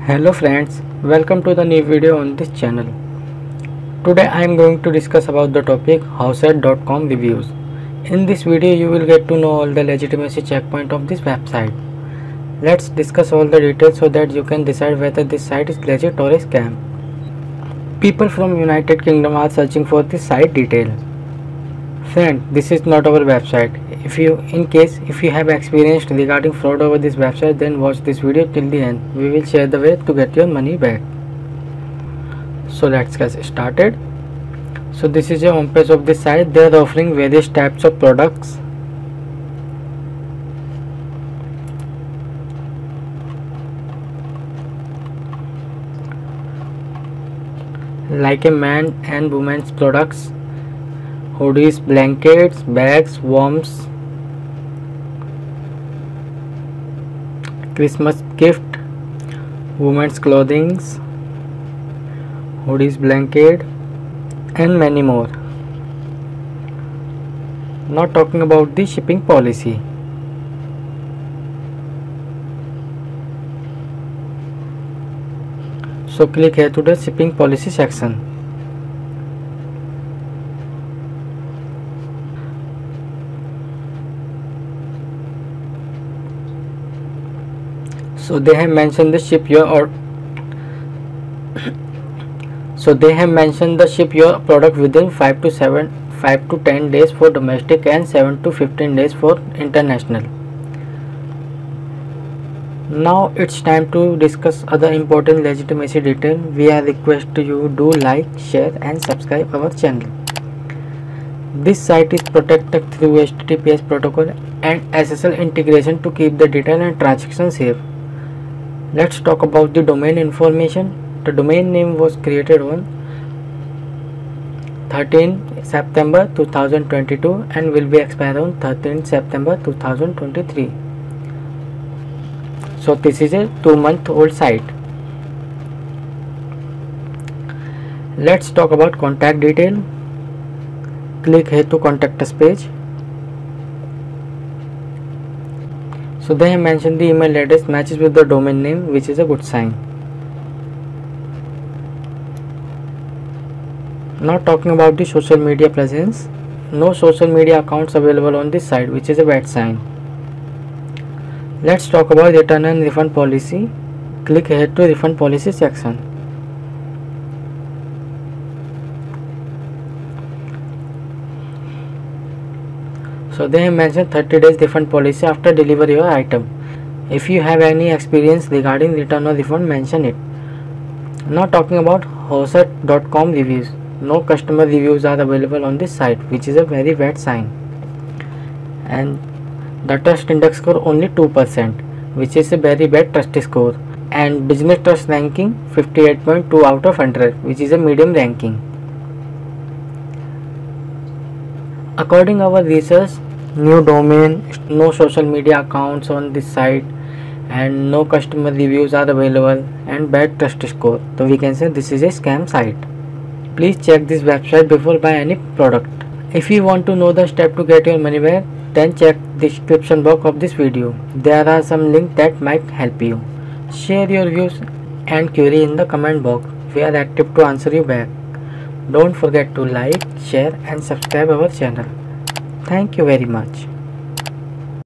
hello friends welcome to the new video on this channel today i am going to discuss about the topic houseset.com reviews in this video you will get to know all the legitimacy checkpoint of this website let's discuss all the details so that you can decide whether this site is legit or a scam People from United Kingdom are searching for the site detail. Friend, this is not our website. If you, in case if you have experienced regarding fraud over this website, then watch this video till the end. We will share the way to get your money back. So let's get started. So this is the homepage of this site. They are offering various types of products like a man and woman's products hoodies blankets bags worms christmas gift women's clothing, hoodies blanket and many more not talking about the shipping policy So click here to the shipping policy section. So they have mentioned the ship your or so they have mentioned the ship your product within 5 to 7 5 to 10 days for domestic and 7 to 15 days for international now it's time to discuss other important legitimacy detail We request you do like share and subscribe our channel this site is protected through https protocol and ssl integration to keep the detail and transaction safe let's talk about the domain information the domain name was created on 13 september 2022 and will be expired on 13 september 2023 so this is a two month old site let's talk about contact detail click here to contact us page so they have mentioned the email address matches with the domain name which is a good sign now talking about the social media presence no social media accounts available on this site which is a bad sign Let's talk about return and refund policy. Click here to refund policy section. So they mentioned 30 days refund policy after deliver your item. If you have any experience regarding return or refund, mention it. Not talking about Hosat.com reviews. No customer reviews are available on this site, which is a very bad sign. And the trust index score only 2% which is a very bad trust score and business trust ranking 58.2 out of 100 which is a medium ranking. According our research, new domain, no social media accounts on this site and no customer reviews are available and bad trust score. So we can say this is a scam site. Please check this website before buy any product. If you want to know the step to get your money back, then check the description box of this video. There are some links that might help you. Share your views and query in the comment box. We are active to answer you back. Don't forget to like, share and subscribe our channel. Thank you very much.